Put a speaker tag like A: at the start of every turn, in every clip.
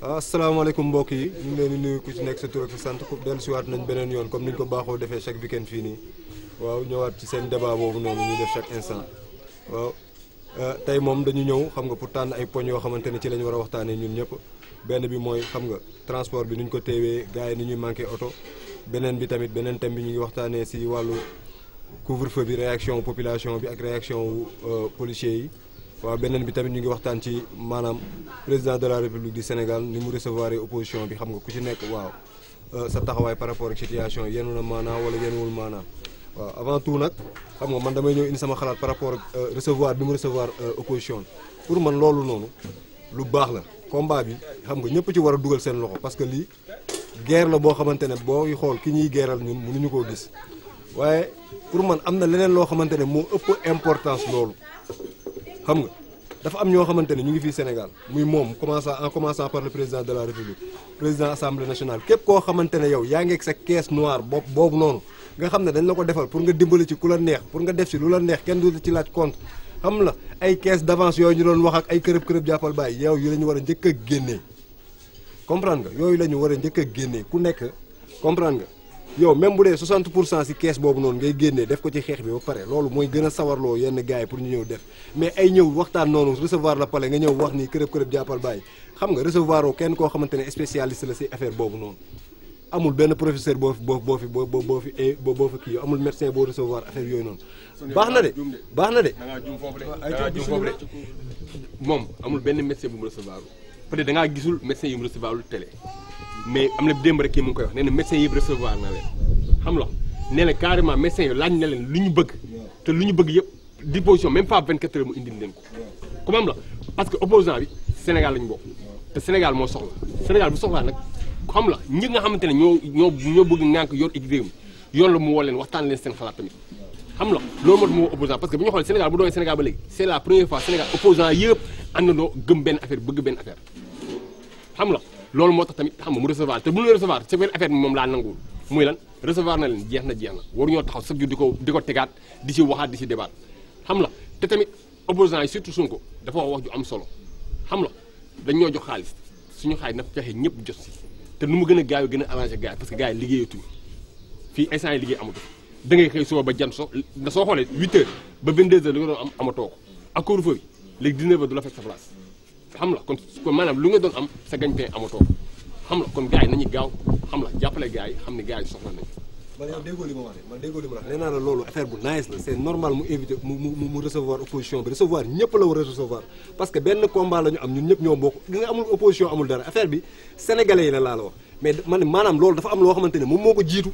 A: asalaamaaleykum mbokk yi ñu ngi leen di nuyu ku ci nekk sa tur ak sa sant ku dellusiwaat nañ beneen yoon comme ni ñu ko baaxoo defee chaque weekend fii nii waaw ñëwaat ci seen débat boobu noonu ñuy def chaque instant waaw euh, tey moom dañu ñëw xam nga pour tànn ay poñ yoo xamante ne ci lañ war a waxtaanee ñun ñëpp benn bi mooy xam nga transport bi ñu ko teewee gars yi ni ñuy manqué oto beneen bi tamit beneen thème bi ñu ngi waxtaanee si wàllu couvre-feu bi réaction population bi ak réaction euh, policiers yi waaw beneen bi tamit ñu ngi waxtaan ci maanaam président de la république du Sénégal ni mu recevoir opposition bi xam nga ku ci nekk waaw euh, sa taxawaay par rapport ak situation yenu na maanaam wala yenuwul maanaam waaw avant tout nag xam nga man damay ñëw indi sama xalaat par rapport ak euh, recevoir bi mu recevoir euh, opposition pour man loolu noonu lu baax la combat bi xam nga ñëpp ci war a dugal seen loxo parce que lii guerre la boo xamante ne booy xool ki ñuy geeral ñun mënuñu koo gis waaye pour man am na leneen loo xamante ne moo ëpp importance loolu xam nga dafa am ñoo xamante ne ñu ngi fii Sénégal muy moom commençant en commençant par le président de la République président assemblée nationale képp koo xamante ne yow yaa ngi ak sa caisse noire boobu noonu nga xam ne dañ la ko defal pour nga dimbali ci ku la neex pour nga def ci lu la neex kenn du ci laaj compte xam la ay caisse d'avance yooyu ñu doon wax ak ay kërëb kërëb jàppal bàyyi yow yi la ñu war a njëkk a génnee comprendre nga yooyu la ñu war a njëkk a génnee ku nekk comprendre yow même bu dee 60 pour cent si kees boobu noonu ngay génnee def ko ci xeex bi ba pare loolu mooy gën a sawarloo yenn gars yi pour ñu ñëw def mais ay ñëw waxtaan noonu recevoir la pale nga ñëw wax ni kërëb kërëb jàppal bàyyi xam nga recevoir kenn koo xamante ne spécialiste la si affaire boobu noonu amul benn professeur boo fi boo fi boo boo fi eh, boo fi kii amul médecin boo recevoir affaire yooyu noonu.
B: baax na de baax na de. moom amul benn médecin bu mu recevoir peut-être da ngaa gisul médecin yu mais am na démb rek kii mu ngi koy wax nee na médecin yëpp recevoir na leen xam nga nee na carrément médecin laaj na leen lu ñu bëgg te lu ñu bëgg yëpp disposition même pas 24 heures mu indil leen ko comme am la parce que opposant bi Sénégal lañu bokk te Sénégal moo soxla Sénégal bu soxlaa nag xam la ñi nga xamante ne ñoo ñoo ñoo bëgg nànk yor ik réew mi yoon la mu woo leen waxtaan leen seen xalaat xam la loolu moo tax mu woo parce que bu ñu xoolee Sénégal bu doonee Sénégal ba léegi c'est la première fois Sénégal benn affaire bëgg benn affaire xam la loolu moo tax tamit xam nga mu recevoir te bu ñu recevoir ci benn affaire bi moom laa nanguwul muy lan recevoir na leen jeex na jeex na waruñoo taxaw chaque jour di ko di ko tegaat di ci waxaat di si débat xam la te tamit opposants yi surtout Sonko dafa wax wax ju am solo xam la dañ ñoo jox xaalis suñu xaalis na fexe ñëpp jot si te nu mu gën a gaaw gën a arrangé gars yi parce que gars yi liggéeyatuñu fii instant yi liggéey amatu da ngay xëy suba ba jan so soo xoolee 8 heures ba 22 heures li nga am amatoo ko ak kóoru fa bi léegi 19 heures du xam la kon maanaam lu nga doon am sa gañtee amatoo xam la kon gars nañu gaaw xam la jàppale gars yi xam ne gars yi soxla nañu.
A: man yow déggoo li ma wax man déggoo li ma wax nee naa la loolu affaire bu nice la c'est normal mu éviter mu mu mu recevoir opposition bi recevoir ñëpp la war a recevoir parce que benn combat la am ñun ñëpp ñoo bokk gis nga amul opposition amul dara affaire bi sénégalais yi la laa la wax mais man maanaam loolu dafa am loo xamante ne moom moo ko jiitu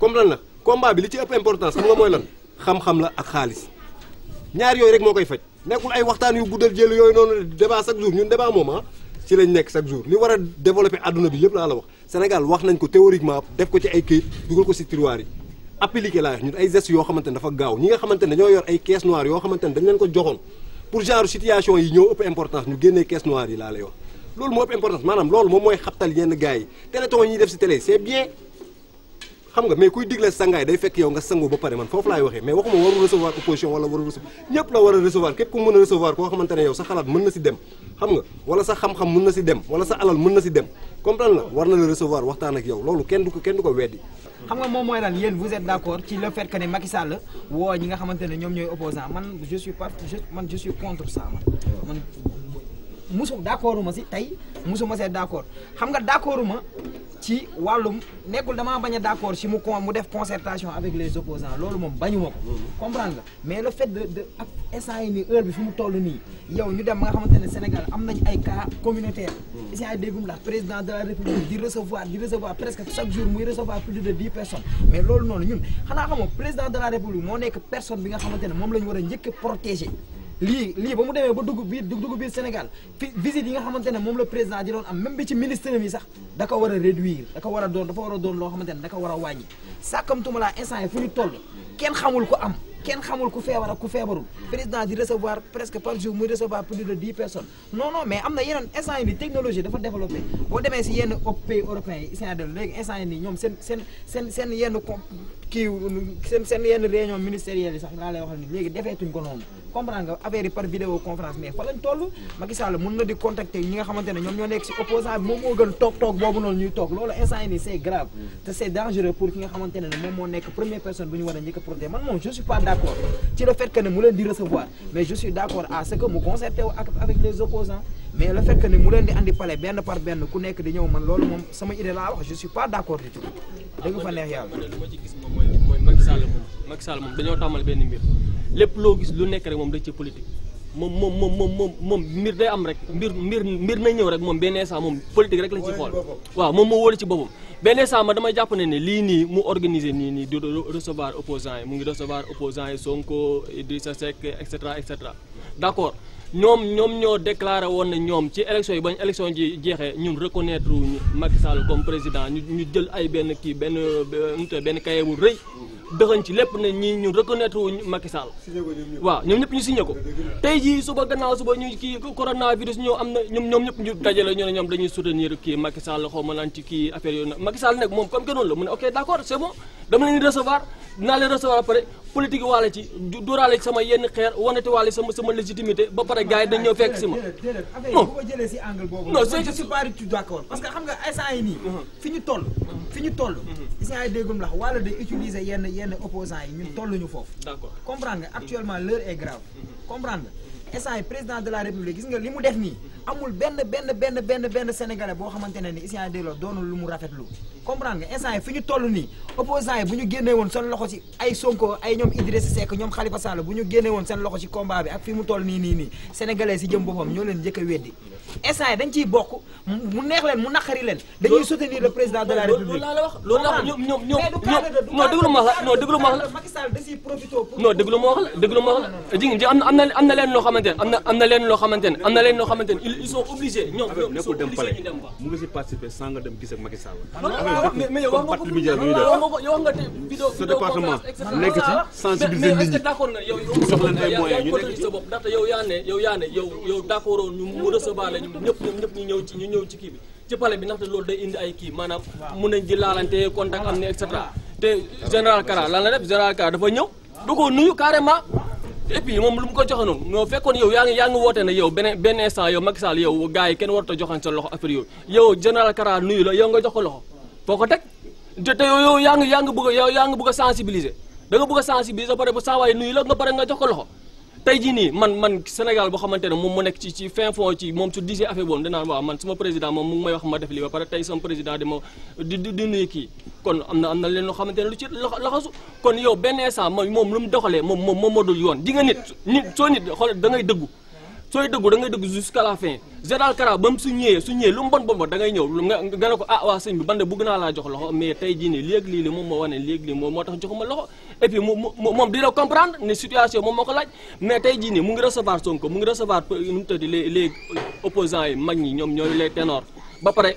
A: comme lan na combat bi li ci ëpp importance xam nga mooy lan xam-xam la ak xaalis ñaar yooyu rek moo koy faj nekkul ay waxtaan yu guddal jël yooyu noonu débat chaque jour ñun débat moom ah ci lañ nekk chaque jour li war a développer àdduna bi yëpp laa la wax Sénégal wax nañ ko théoriquement def ko ci ay këyit dugal ko si tiroir yi appliqué laa ñun ay gestes yoo xamante dafa gaaw ñi nga xamante ne dañoo yor ay caisse noire yoo xamante ne dañ leen ko joxoon pour genre situation yi ñoo ëpp importance ñu génnee caisse noire yi laa lay wax loolu moo ëpp importance maanaam loolu moom mooy xabtal xam nga mais kuy digle sangaay day fekk yow nga sangu ba pare man foofu laay waxee mais waxuma warul recevoir opposition wala warul recevoir ñëpp la war a recevoir képp ku mën a recevoir koo xamante ne sa xalaat mën na si dem xam nga wala sa xam-xam mën na si dem wala sa alal mën na si dem comprendre la war na la recevoir waxtaan ak yow loolu kenn du ko weddi xam nga
C: moom mooy lan yéen vous êtes d' ci le fait que ne Macky woo ñi nga ci wàllum nekkul damaa bañ d'accord si mu con mu def concertation avec les opposants loolu moom bañu ma ko comprendre nga mais le fait de de ak instant yi heure bi fi mu toll nii yow ñu dem ba nga xamante ne Sénégal am nañ ay cas communautaire hmm. isient déggum la président de la République di recevoir di recevoir presque chaque jour muy recevoir plus de dix personnes mais loolu noonu ñun xanaa xamoo président de la République moo nekk personne bi nga xamante ne moom la war a njëkk a lii lii ba mu demee ba dugg biir dugg biir Sénégal fi visite yi nga xamante ne moom la président di doon am même bi ci ministère yi sax da ko war a réduire da ko war a doon dafa war a doon loo xamante ne da ko war a wàññi sàkkamtuma laa instant yi fu ñu toll kenn xamul ko am kenn xamul ku feebar ak ku feebarul président di recevoir presque par jour muy recevoir plus de dix personnes non non mais am na yeneen instant yi nii technologie dafa développé boo demee si yenn pays seen seen seen seen yenn kii seen seen yenn réunion ministérielle yi sax laa lay waxal ni léegi defeetuñ ko noonu comprendre nga affaire par vidéo conférence mais fa lañ toll Macky Sall mën na di contacter ñi nga xamante ne ñoom ñoo nekk si opposant moom moo gën toog toog boobu noonu ñuy toog loolu instant yi nii c'est grave te c'est dangereux pour ki nga xamante ne moom moo nekk première personne bu ñu war a njëkk a man moom je pas d'accord ci le fait que mu leen mais la fekk que mu leen di andi pale benn par benn ku nekk di ñëw man loolu moom sama idée laa wax je pas d' accord du tout fa neex yàlla. li
D: ci gis moom mooy mooy Macky Sall moom Macky Sall moom dañoo tàmmal benn mbir lépp loo gis lu nekk rek moom da ci politique moom moom moom moom moom mbir day am rek mbir mbir mbir na ñëw rek moom benn instant moom politique rek lañ ci xool waaw moom moo wóolu ci boppam benn instant ma damay jàpp ne ne lii nii mu organiser nii nii di recevoir opposants yi mu ngi recevoir opposants yi Sonko Idrissa Seck et cetera et cetera accord ñoom ñoom ñoo déclaré woon ne ñoom ci élection yi bañ élection ji jeexe ñun reconnaître ñu Macky Sall comme président ñu ñu jël ay benn kii benn benn cahier bu rëy dëxañ ci lépp ne ñii ñun reconnaître ñu Macky Sall waaw ñoom ñëpp ñu signé ko tey jii suba gannaaw suba ñu kii coronavirus ñoo am na ñoom ñoom ñëpp ñu dajale ñu ne ñoom dañuy soutenir kii Macky Sall ci kii affaire yooyu nag Macky Sall moom comme que noonu la mu ne ok d'accord c'est dinaa leen recevoir ba pare politique waale ci duraale sama yenn xeer wanati
C: waale sama sama légitimité ba pare gars yi dañ ñëw fekk si ma. non bu ko jëlee si angle boobu. non c'est que je d'accord parce que xam nga instant yi nii. Mhm. fi ñu toll. fi ñu toll. Mhm. instant yi déggum lax wala day utiliser yenn yenn opposants yi ñun mhm. ñu foofu. d'accord comprendre nga actuellement l'heure est grave. comprendre nga instant yi président de la république gis nga li mu def nii. amul benn benn benn benn benn sénégalais boo xamante ne ni Ismaïla Dello doonul lu mu rafetlu comprendre nga instant yi fi ñu toll nii opposants yi bu ñu génnee woon seen loxo ci ay Sonko ay ñoom Idrissa Seck ñoom Khalifa Sall bu ñu génnee woon seen loxo ci combat bi ak fi mu toll nii nii nii sénégalais si jëm boppam ñoo leen njëkk a weddi instant yi dañ ciy bokk mu neex leen mu naqari leen dañuy soutenir le président de la république loolu la wax loolu la ñoom ñoom ñoom non déglu ma wax la non déglu ma wax la Macky Sall da ciy profité non déglu ma wax la déglu ma wax la ji am
D: na am na leen loo xamante ne am na am na leen loo xamante ne am na leen loo xamante ne ils sont obligés ñoom ñoom dem ba
A: mu ngi si participer sans nga dem gis ak Macky Sall
D: nekk ci sensibiliser nit ñi d'accord nga
A: yow soxla leen ay moyens ñu nekk
D: ci sa bopp ndaxte ñëpp ñëpp ñëw ñëw ci kii bi ci palais bi ndaxte loolu day indi ay kii maanaam mën nañ di laalante contact am ne et te général Kara lan la def général Kara dafa ñëw du nuyu carrément et puis moom lu mu ko joxe noonu non fekkoon yow yaa ngi yaa ngi woote ne yow benn benn instant yow Macky Sall yow gars yi kenn warut a sa loxo affaire yooyu yow général Kara nuyu la yow nga jox ko loxo foo ko teg te yow yaa ngi yaa ngi bëgg a yow yaa ngi bëgg a sensibiliser da nga bëgg a sensibiliser ba pare bu saa nuyu la nga pare nga jox ko loxo tey jii nii man man Sénégal boo xamante ne moom mu nekk ci fin fond ci moom su disee affaire boobu danaan waaw man sama président moom mu ngi may wax ma def li ba pare tey sama président di ma di di nuyu kii kon am na am na leen loo xamante ne lu ci laxasu kon yow benn instant moom lu mu doxalee moom moom moo dul yoon di nga nit nit soo nit xool da ngay dëggu sooy dëggu da ngay dëgg jusqu'à la fin général Kara ba mu lu mu bon bon ñëw nga nga ne ko ah waa sëñ bi bande bëgg naa laa jox loxo mais tey jii nii léegi lii li moom moo wane léegi lii moo tax joxuma loxo et puis mu moom dina comprendre ne situation moom moo ko laaj mais tey jii mu ngi recevoir Sonko mu ngi recevoir nu mu tëdd les les yi mag ñi ñoom ñooy les ténors ba pare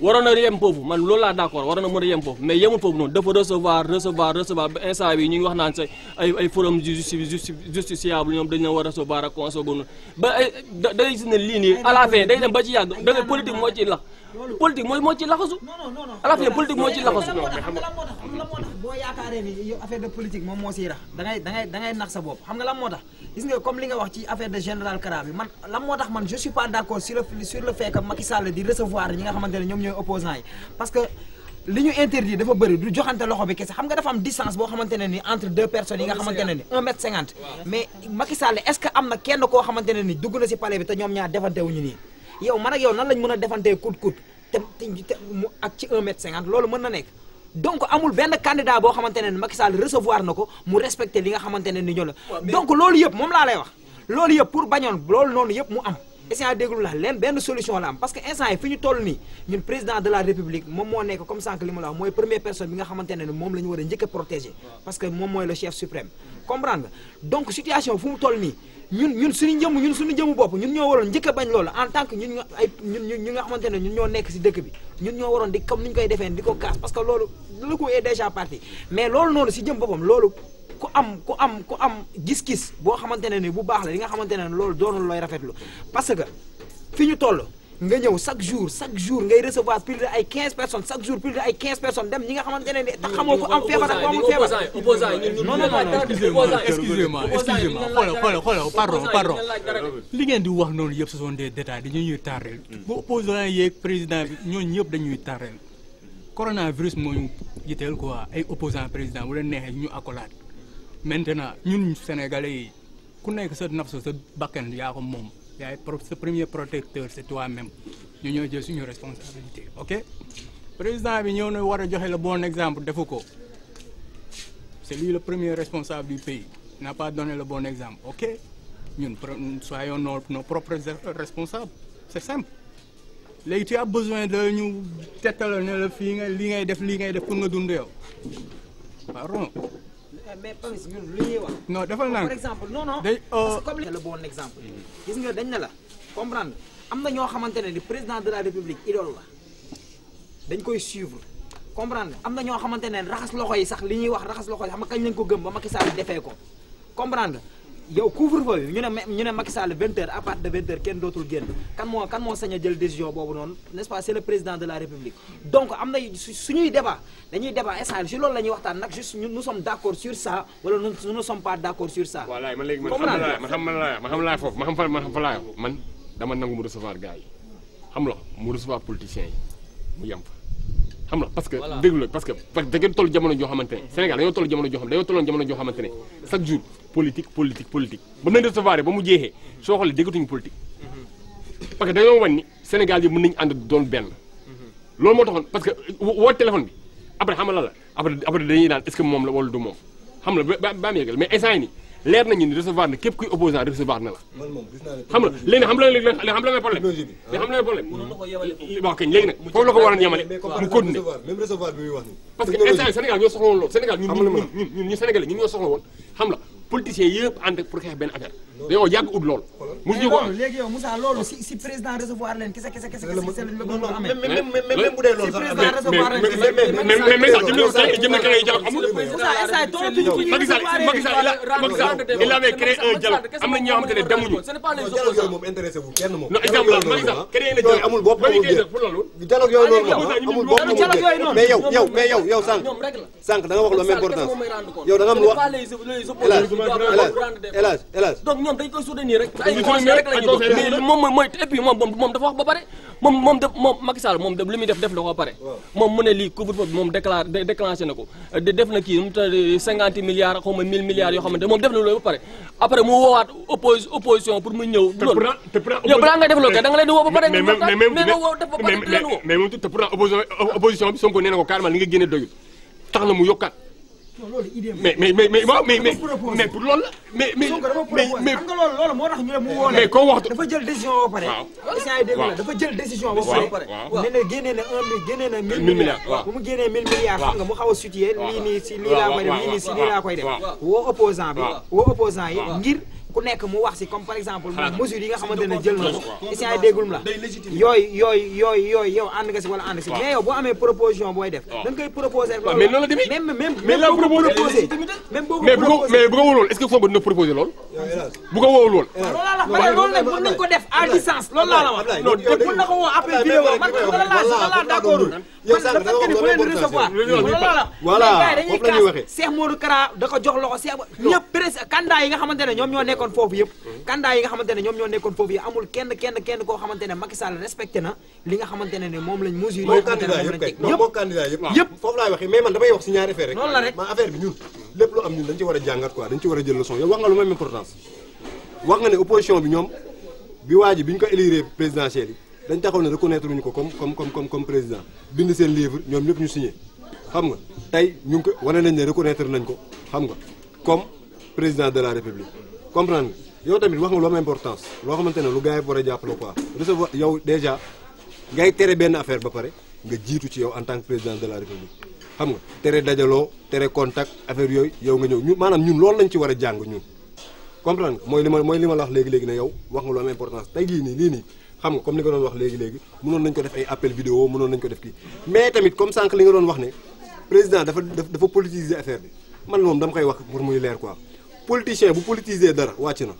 D: waroon na yem foofu man loolu laa d'accord waroon na mën a yem foofu mais yemul foofu noonu dafa recevoir recevoir ba instant bi ñu ngi wax naan sa ay ay forum justice justiciable ñoom dañ leen war recevoir ak conseil ba ay da day gis ne lii nii à la dem ba ci yàgg da ngay politique ci lax
C: politique mooy ci laxasu à la fin ci
D: laxasu
C: boo yaakaaree ni affaire de politique moom moo siy rax da ngay nax sa bopp xam nga lan moo tax gis nga comme li nga wax ci affaire de général Kara bi man lan moo tax man je suis d'accord sur le sur le di recevoir ñi nga xamante ne ñoom ñooy opposants yi parce que li ñu interdit dafa bëri du joxante loxo bi kese xam nga dafa am distance boo xamante ne ni entre deux personnes yi nga xamante ni un mètre cinquante mais Macky Sall am na kenn koo xamante ne ni dugg na si palais bi te ñoom ñaar defante wuñu a defante donc amul benn candidat boo xamante ne Macky Sall recevoir na ko mu respecté li nga xamante ne ni ñoo la donc loolu yëpp moom laa lay wax loolu yëpp pour bañoon loolu noonu yëpp mu am essant déglu la leen benn solution la am parce que instant yi fi ñu toll nii ñun président de la république moom moo nekk comme sànq li ma la wax mooy première personne bi nga xamante ne moom la ñu war a njëkk a protéger parce que moom mooy le chef suprême comprendre nga ñun ñun suñu jëmm ñun suñu jëmm bopp ñun ñoo waroon njëkk a bañ loolu en tant que ñun ay ñun ñu nga xamante ne ñun ñoo nekk si dëkk bi ñun ñoo waroon di comme ni ñu koy defee di ko kaas parce que loolu le coup est déjà parti mais loolu noonu si jëm boppam loolu ku am ku am ku am gis-gis boo xamante ne ni bu baax la li nga xamante ne loolu doonul looy rafetlu parce que fi ñu toll nga ñëw chaque jour chaque jour ngay recevoir plus de ay 15 personnes chaque jour plus de ay 15 personnes dem ñi nga xamante te xamoo ko am
B: li ngeen di wax noonu yëpp ce sont des détails dañu ñuy tàrreel bu opposant yeeg président bi ñooñu ñëpp dañuy tàrreel coronavirus moo ñu jiteel quoi ay opposant président wala neexee ñu accolade maintenant ñu sénégalais yi ku nekk sa naf sa bakkan yaa ko moom yaay sa premier protecteur c'est toi-même ñu ñoo jël suñu responsabilité ok président bi ñëw na war a joxe la bon exemple defu ko c'est lui le premier responsable du pays n'a pas donné la bon exemple ok ñun soyons no nos propres responsables c'est simple léegi tu as besoin de ñu tettalo ne la fii nga li ngay def li ngay def pour nga dund yow pardon
C: Euh, mais Papis ñun lu ñuy wax. non defal naa par exemple non non. day euh, la bon exemple. gis nga dañ ne la comprendre am na ñoo xamante ne ni président de la république idole la dañ koy suivre comprendre am na ñoo xamante ne raxas loxo yi sax li ñuy wax raxas loxo yi xam kañ lañ ko gëm ba Macky Sall defee ko comprendre yow couvre-feu bi ñu ne ñu ne Macky Sall 20h à partir de 20h kenn dootul génn kan moo kan moo sañ a jël décision boobu noonu n'est-ce pas c'est le président de la République donc am na suñuy débat dañuy débat instant si loolu la waxtaan nag juste nous sommes d'accord sur ça wala nous nous ne sommes pas d'accord sur ça. voilà man léegi man xam naa xam ma laa
B: ma xam xam fa ma xam man dama nangu mu recevoir gars yi xam nga mu recevoir politiciens xam nga parce que déglu la parce que parce que da ngeen jamono joo ne Sénégal dañoo toll jamono joo ne chaque jour politique politique politique ba mu leen mhm. que dañoo wan ni Sénégal yi mën nañu ànd doon benn mhm. loolu moo taxoon parce que woo téléphone bi après xam la après dañuy naan est que moom la wala du moom xam nga ba ba am yeggal mais instant yi nii leer nañu ni recevoir na képp kuy opposant recevoir na la.
A: xam nga léegi xam la léegi xam
B: la problème. léegi xam la problème.
A: waaw kañ léegi nag foofu la mu continuer même parce que instant Sénégal
B: ñoo soxla woon loolu Sénégal ñun ñun ñun Sénégalais soxla woon xam politiciens yëpp ànd pour xeex benn affaire dañoo yàgg ut lool. mosu ñu
C: léegi yow Moussa loolu si président recevoir leen kese kese kese kese lañ bëgg
A: loolu sax amee yow yow mais yow yow sànq sànq da nga wax lu am importance am
D: lu élage
A: élage donc ñoom dañ
D: koy soutenir rek ay rek moom mooy et moom dafa wax ba pare moom moom moom Macky muy def def la ko pare moom mu ne lii couvre-feu bi moom déclare na ko def na kii mu te cinquante yoo xamante moom def na loolu ba pare après mu woowaat
B: opposition pour mu ñëw loolu yow balaa nga def loolu kay da leen woo ba pare mais nga woo def ba opposition bi Sonko nee na ko carrément nga génne doyul tax na mu
C: loolu idée mais mais mais mais mais pour loolu la. mais mais mais xam nga loolu loolu moo tax ñu ne dafa jël décision ba pare. waaw dafa jël décision ba pare. waaw na un mille génnee na mille milliards. waaw bu mu génnee mille milliards. xam nga mu xaw a situé. lii lii laa koy def woo opposant bi woo opposant yi ngir. ku nekk mu wax si comme par exemple. mesures yi nga xamante ne jël na ko. si ay déggulum la yooyu yooyu yooyu yooyu yow ànd nga si wala ànd si. mais yow boo amee proposition booy def. da nga koy proposer rek loolu. mais noonu la demee même même même boo ko proposé. même boo ko proposé
B: mais bu ko woo loolu est ce que foofu dina proposé lool. bu ko woo lool. waaw loolu la mën nañu
C: ko def à distance loolu laa la wax. non mën na ko woo appel vidéo man la laa la laa d' accord man dafa fekk ni bu leen recevoir. voilà foofu la ñuy waxee. Cheikh Modou Kara da ko jox loxo Cheikh ñëpp presse candidat yi nga xamante ne ñoom ñoo nekk nekkoon foofu yëpp candidat yi nga xamante ne ñoom ñoo nekkoon foofu yëpp amul kenn kenn kenn koo xamante ne Macky Sall respecté na li nga xamante
A: ne ne moom lañ mesure moom lañ teg moom candidat yëpp yëpp foofu laay waxee mais man damay wax si ñaari affaire rek noonu la rek ma affaire bi ñun lépp lu am ñun dañ ci war a jàngat quoi dañ ci war a jël leçon yow wax nga lu même importance wax nga ne opposition bi ñoom bi waa ji bi ñu ko élire présidentielle yi dañ taxaw ne reconnaître ñu ko comme comme comme comme président bind seen livre ñoom ñëpp ñu signé xam nga tey ñu ngi ko wane nañ ne reconnaître nañ ko xam nga comme président de la république comprendre nga yow tamit wax nga lu am importance loo xamante ne lu gars yi war a jàppale quoi recevoir yow déjà ngay tere benn affaire ba pare nga jiitu ci yow en tant président de la république xam nga tere dajaloo tere contact affaire yooyu yow nga ñëw ñu maanaam ñun loolu lañ ci war a jàng ñun comprendre nga mooy li ma mooy li ma wax léegi-léegi ne yow wax nga lu am importance tey jii nii lii nii xam nga comme li nga doon wax léegi-léegi mënoon nañ ko def ay appel vidéo mënoon nañ ko def kii mais tamit nga doon wax ne président dafa dafa politiser affaire bi man moom dama koy wax leer quoi politicien bu politiser dara wàcc na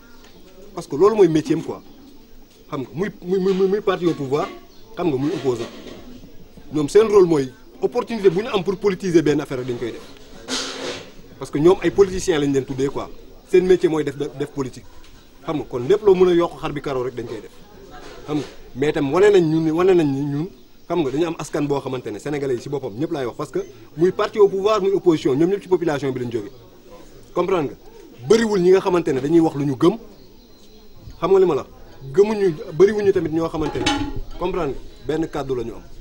A: parce que loolu mooy métier am quoi xam nga muy muy muy parti au pouvoir xam nga muy opposant ñoom seen rôle mooy opportunité bu ñu am pour politiser benn affaire dañ koy def parce ñoom ay politiciens lañ leen tuddee quoi seen métier mooy def def politique xam kon lépp loo mën a yokk xar bi karoo rek dañ koy def xam mais itam wane nañ ñun wane nañ ñun xam nga dañu am askan boo xamante ne sénégalais yi si boppam ñëpp laay wax parce que muy parti au pouvoir muy opposition ñoom ñëpp ci population bi lañ jógee comprendre nga. bëriwul ñi nga xamante ne dañuy wax lu ñu gëm xam nga li ma la gëmuñu bëriwuñu tamit ñoo xamante ne comprendre benn kàddu la ñu am.